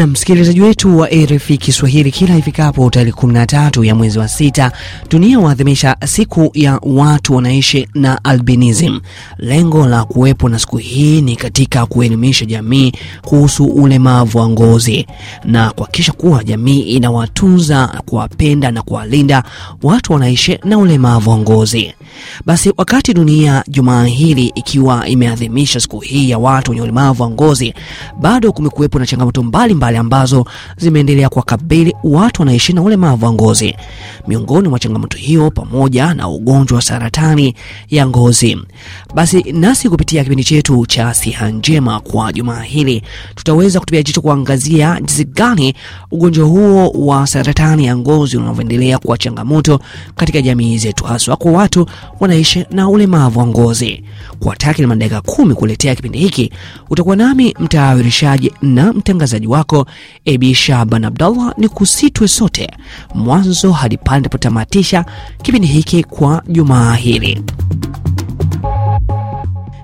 na msikilizaji wetu wa RFI Kiswahili, kila ifikapo tarehe 13 ya mwezi wa sita dunia huadhimisha siku ya watu wanaishi na albinism. Lengo la kuwepo na siku hii ni katika kuelimisha jamii kuhusu ulemavu wa ngozi na kuhakikisha kuwa jamii inawatunza, kuwapenda na kuwalinda watu wanaishi na ulemavu wa ngozi. Basi wakati dunia jumaa hili ikiwa imeadhimisha siku hii ya watu wenye ulemavu wa ngozi, bado kumekuwepo na changamoto mbalimbali mbalimbali ambazo zimeendelea kuwakabili watu wanaishi na ulemavu wa ngozi. Miongoni mwa changamoto hiyo pamoja na ugonjwa wa saratani ya ngozi. Basi nasi kupitia kipindi chetu cha Siha Njema kwa jumaa hili tutaweza kutupia jicho kuangazia jinsi gani ugonjwa huo wa saratani ya ngozi unavyoendelea kuwa changamoto katika jamii zetu, haswa kwa watu wanaishi na ulemavu wa ngozi. Kwa takriban dakika kumi kuletea kipindi hiki utakuwa nami mtayarishaji na mtangazaji wako hiyo Ebi Shaban Abdallah, ni kusitwe sote mwanzo hadi pale napotamatisha kipindi hiki kwa jumaa hili.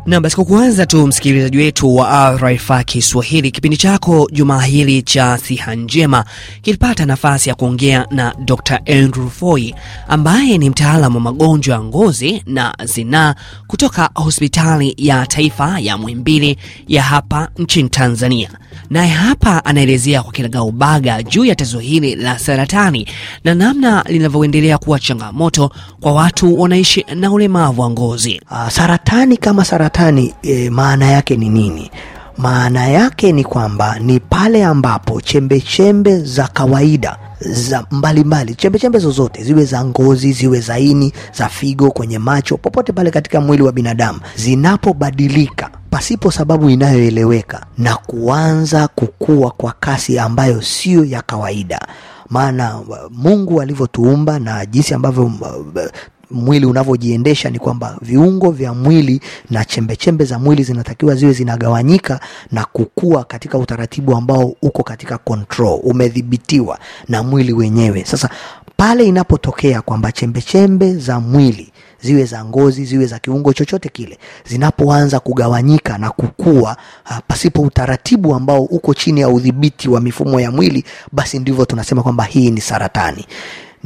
Na basi kwa kuanza tu, msikilizaji wetu wa RFA Kiswahili, kipindi chako jumaa hili cha siha njema kilipata nafasi ya kuongea na Dr. Andrew Foy ambaye ni mtaalamu wa magonjwa ya ngozi na zinaa kutoka hospitali ya taifa ya Muhimbili ya hapa nchini Tanzania. Naye hapa anaelezea kwa kinagaubaga juu ya tatizo hili la saratani na namna linavyoendelea kuwa changamoto kwa watu wanaishi na ulemavu wa ngozi. Ah, saratani kama saratani, e, maana yake ni nini? Maana yake ni kwamba ni pale ambapo chembechembe chembe za kawaida za mbalimbali, chembechembe zozote ziwe za ngozi, ziwe za ini, za figo, kwenye macho, popote pale katika mwili wa binadamu zinapobadilika pasipo sababu inayoeleweka na kuanza kukua kwa kasi ambayo siyo ya kawaida maana uh, Mungu alivyotuumba na jinsi ambavyo uh, mwili unavyojiendesha ni kwamba viungo vya mwili na chembe chembe za mwili zinatakiwa ziwe zinagawanyika na kukua katika utaratibu ambao uko katika control, umedhibitiwa na mwili wenyewe. Sasa pale inapotokea kwamba chembe chembe za mwili ziwe za ngozi ziwe za kiungo chochote kile zinapoanza kugawanyika na kukua uh, pasipo utaratibu ambao uko chini ya udhibiti wa mifumo ya mwili, basi ndivyo tunasema kwamba hii ni saratani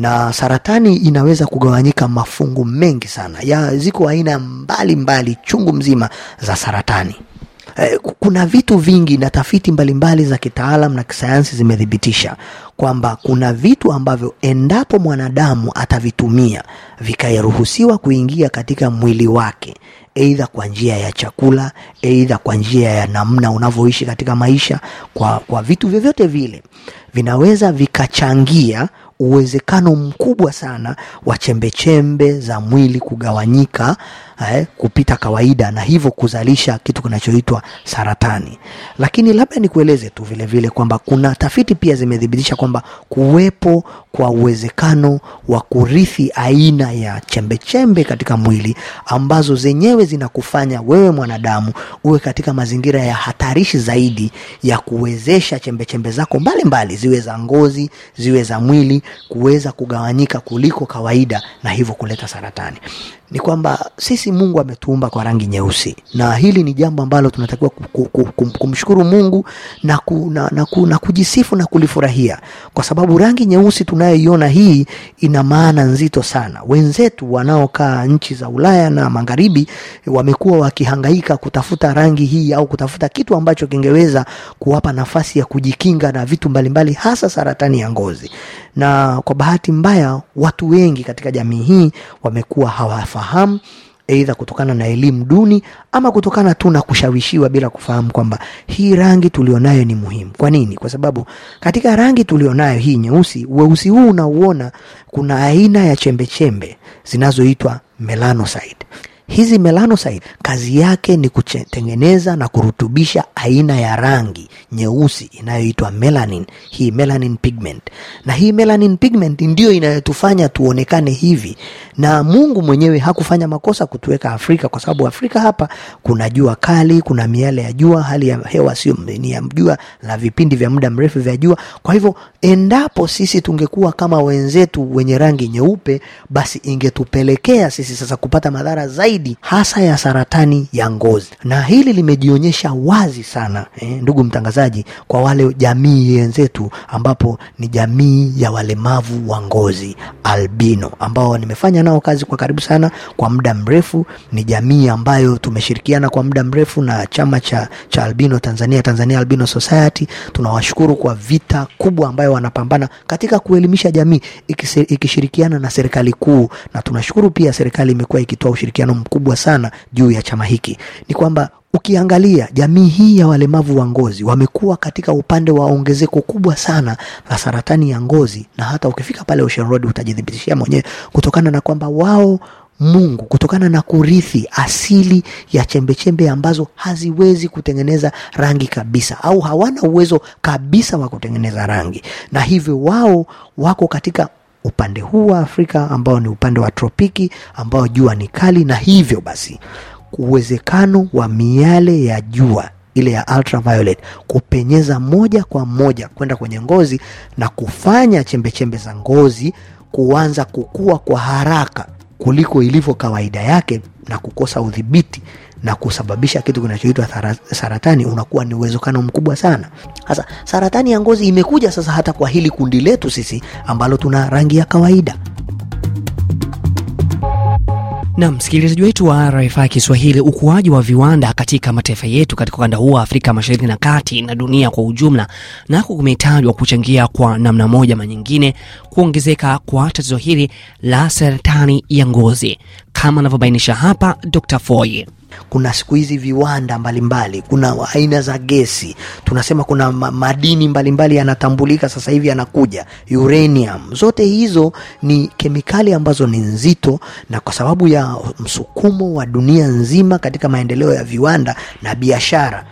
na saratani inaweza kugawanyika mafungu mengi sana ya ziko aina mbalimbali mbali, chungu mzima za saratani e, kuna vitu vingi na tafiti mbalimbali za kitaalam na kisayansi zimethibitisha kwamba kuna vitu ambavyo endapo mwanadamu atavitumia vikaruhusiwa kuingia katika mwili wake, eidha kwa njia ya chakula, eidha kwa njia ya namna unavyoishi katika maisha, kwa, kwa vitu vyovyote vile vinaweza vikachangia uwezekano mkubwa sana wa chembechembe za mwili kugawanyika eh, kupita kawaida na hivyo kuzalisha kitu kinachoitwa saratani. Lakini labda nikueleze tu vile vile kwamba kuna tafiti pia zimethibitisha kwamba kuwepo kwa uwezekano wa kurithi aina ya chembechembe katika mwili ambazo zenyewe zinakufanya wewe mwanadamu uwe katika mazingira ya hatarishi zaidi ya kuwezesha chembechembe zako mbalimbali ziwe za ngozi, ziwe za mwili kuweza kugawanyika kuliko kawaida na hivyo kuleta saratani. Ni kwamba sisi Mungu ametuumba kwa rangi nyeusi, na hili ni jambo ambalo tunatakiwa kumshukuru Mungu na, ku, na, na, ku, na kujisifu na kulifurahia, kwa sababu rangi nyeusi tunayoiona hii ina maana nzito sana. Wenzetu wanaokaa nchi za Ulaya na magharibi wamekuwa wakihangaika kutafuta rangi hii au kutafuta kitu ambacho kingeweza kuwapa nafasi ya kujikinga na vitu mbalimbali mbali, hasa saratani ya ngozi na kwa bahati mbaya watu wengi katika jamii hii wamekuwa hawafahamu aidha kutokana na elimu duni ama kutokana tu na kushawishiwa bila kufahamu kwamba hii rangi tulionayo ni muhimu. Kwa nini? Kwa sababu katika rangi tulionayo hii nyeusi, weusi huu unauona, kuna aina ya chembechembe zinazoitwa melanoside Hizi melanocyte kazi yake ni kutengeneza na kurutubisha aina ya rangi nyeusi inayoitwa melanin, hii melanin pigment. Na hii melanin pigment ndiyo inayotufanya tuonekane hivi, na Mungu mwenyewe hakufanya makosa kutuweka Afrika, kwa sababu Afrika hapa kuna jua kali, kuna miale ya jua, hali ya hewa sio ni ya jua na vipindi vya muda mrefu vya jua. Kwa hivyo, endapo sisi tungekuwa kama wenzetu wenye rangi nyeupe, basi ingetupelekea sisi sasa kupata madhara zaidi zaidi hasa ya saratani ya ngozi, na hili limejionyesha wazi sana eh, ndugu mtangazaji, kwa wale jamii wenzetu ambapo ni jamii ya walemavu wa ngozi albino, ambao nimefanya nao kazi kwa karibu sana kwa muda mrefu. Ni jamii ambayo tumeshirikiana kwa muda mrefu na chama cha, cha albino Tanzania, Tanzania Albino Society. Tunawashukuru kwa vita kubwa ambayo wanapambana katika kuelimisha jamii ikishirikiana na serikali kuu, na tunashukuru pia serikali imekuwa ikitoa ushirikiano mkubwa sana juu ya chama hiki ni kwamba ukiangalia jamii hii ya walemavu wa ngozi wamekuwa katika upande wa ongezeko kubwa sana la saratani ya ngozi, na hata ukifika pale Ocean Road utajithibitishia mwenyewe kutokana na kwamba wao Mungu kutokana na kurithi asili ya chembechembe -chembe ambazo haziwezi kutengeneza rangi kabisa, au hawana uwezo kabisa wa kutengeneza rangi, na hivyo wao wako katika upande huu wa Afrika ambao ni upande wa tropiki ambao jua ni kali, na hivyo basi uwezekano wa miale ya jua ile ya ultraviolet kupenyeza moja kwa moja kwenda kwenye ngozi na kufanya chembechembe za ngozi kuanza kukua kwa haraka kuliko ilivyo kawaida yake na kukosa udhibiti na kusababisha kitu kinachoitwa saratani, unakuwa ni uwezekano mkubwa sana. Sasa saratani ya ngozi imekuja sasa hata kwa hili kundi letu sisi ambalo tuna rangi ya kawaida. Na msikilizaji wetu wa RFI Kiswahili, ukuaji wa viwanda katika mataifa yetu katika ukanda huu wa Afrika Mashariki na Kati na dunia kwa ujumla, nako kumetajwa kuchangia kwa namna moja ama nyingine kuongezeka kwa tatizo hili la saratani ya ngozi, kama anavyobainisha hapa Dr. foye kuna siku hizi viwanda mbalimbali, kuna aina za gesi, tunasema kuna madini mbalimbali yanatambulika sasa hivi yanakuja, uranium. Zote hizo ni kemikali ambazo ni nzito, na kwa sababu ya msukumo wa dunia nzima katika maendeleo ya viwanda na biashara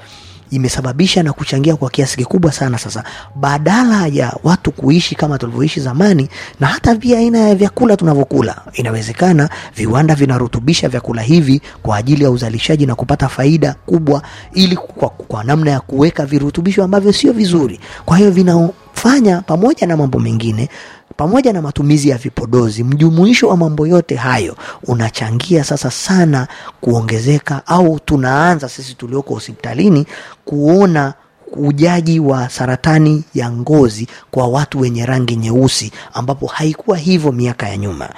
imesababisha na kuchangia kwa kiasi kikubwa sana sasa, badala ya watu kuishi kama tulivyoishi zamani, na hata pia aina ya vyakula tunavyokula, inawezekana viwanda vinarutubisha vyakula hivi kwa ajili ya uzalishaji na kupata faida kubwa, ili kwa, kwa namna ya kuweka virutubisho ambavyo sio vizuri, kwa hiyo vinafanya pamoja na mambo mengine pamoja na matumizi ya vipodozi, mjumuisho wa mambo yote hayo unachangia sasa sana kuongezeka au tunaanza sisi tulioko hospitalini kuona ujaji wa saratani ya ngozi kwa watu wenye rangi nyeusi, ambapo haikuwa hivyo miaka ya nyuma,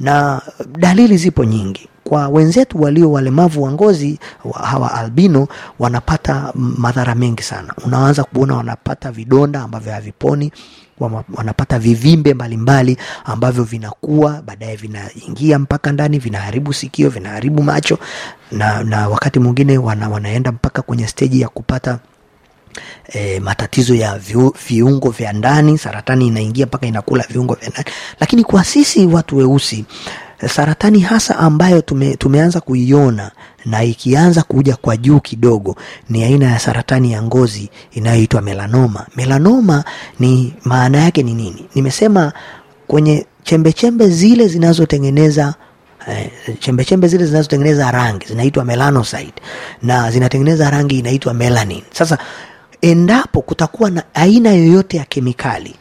na dalili zipo nyingi kwa wenzetu walio walemavu wa ngozi hawa albino wanapata madhara mengi sana. Unaanza kuona wanapata vidonda ambavyo haviponi wanapata vivimbe mbalimbali ambavyo vinakuwa baadaye vinaingia mpaka ndani, vinaharibu sikio, vinaharibu macho na, na wakati mwingine wana, wanaenda mpaka kwenye steji ya kupata E, matatizo ya viu, viungo vya ndani. Saratani inaingia mpaka inakula viungo vya ndani, lakini kwa sisi watu weusi saratani hasa ambayo tume, tumeanza kuiona na ikianza kuja kwa juu kidogo ni aina ya saratani ya ngozi inayoitwa melanoma. Melanoma ni maana yake ni nini? Nimesema kwenye chembechembe chembe zile zinazotengeneza chembechembe eh, chembe zile zinazotengeneza rangi zinaitwa melanocyte na zinatengeneza rangi inaitwa melanin. Sasa endapo kutakuwa na aina yoyote ya kemikali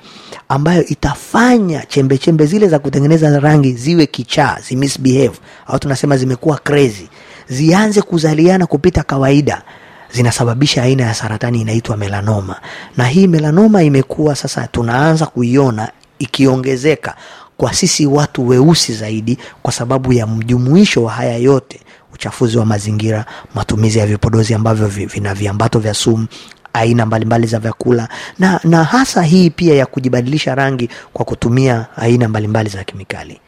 ambayo itafanya chembe chembe zile za kutengeneza rangi ziwe kichaa, zimisbehave au tunasema zimekuwa crazy, zianze kuzaliana kupita kawaida, zinasababisha aina ya saratani inaitwa melanoma. Na hii melanoma imekuwa sasa tunaanza kuiona ikiongezeka kwa sisi watu weusi zaidi, kwa sababu ya mjumuisho wa haya yote: uchafuzi wa mazingira, matumizi ya vipodozi ambavyo vina viambato vya sumu, aina mbalimbali za vyakula na, na hasa hii pia ya kujibadilisha rangi kwa kutumia aina mbalimbali za kemikali.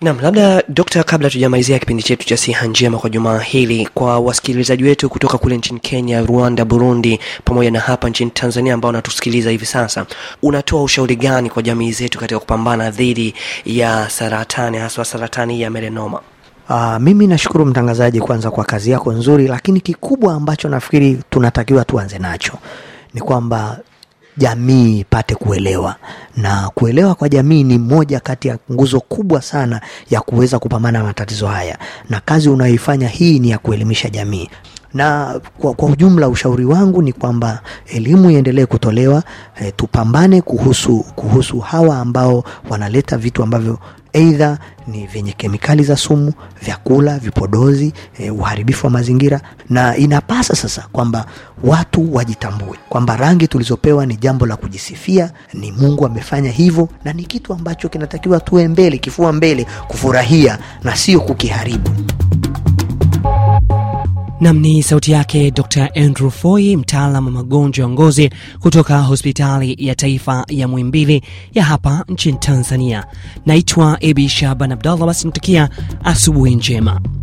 nam labda dokta, kabla tujamalizia kipindi chetu cha siha njema kwa jumaa hili, kwa wasikilizaji wetu kutoka kule nchini Kenya, Rwanda, Burundi pamoja na hapa nchini Tanzania ambao wanatusikiliza hivi sasa, unatoa ushauri gani kwa jamii zetu katika kupambana dhidi ya saratani, haswa saratani ya melenoma Uh, mimi nashukuru mtangazaji kwanza kwa kazi yako nzuri, lakini kikubwa ambacho nafikiri tunatakiwa tuanze nacho ni kwamba jamii ipate kuelewa, na kuelewa kwa jamii ni moja kati ya nguzo kubwa sana ya kuweza kupambana na matatizo haya, na kazi unayoifanya hii ni ya kuelimisha jamii na kwa, kwa ujumla ushauri wangu ni kwamba elimu iendelee kutolewa e, tupambane kuhusu, kuhusu hawa ambao wanaleta vitu ambavyo eidha ni vyenye kemikali za sumu, vyakula, vipodozi, e, uharibifu wa mazingira. Na inapasa sasa kwamba watu wajitambue kwamba rangi tulizopewa ni jambo la kujisifia, ni Mungu amefanya hivyo, na ni kitu ambacho kinatakiwa tuwe mbele, kifua mbele, kufurahia na sio kukiharibu. Nam ni sauti yake Dr Andrew Foy, mtaalam wa magonjwa ya ngozi kutoka hospitali ya taifa ya mwimbili ya hapa nchini Tanzania. Naitwa Abi Shaban Abdallah. Basi natakia asubuhi njema.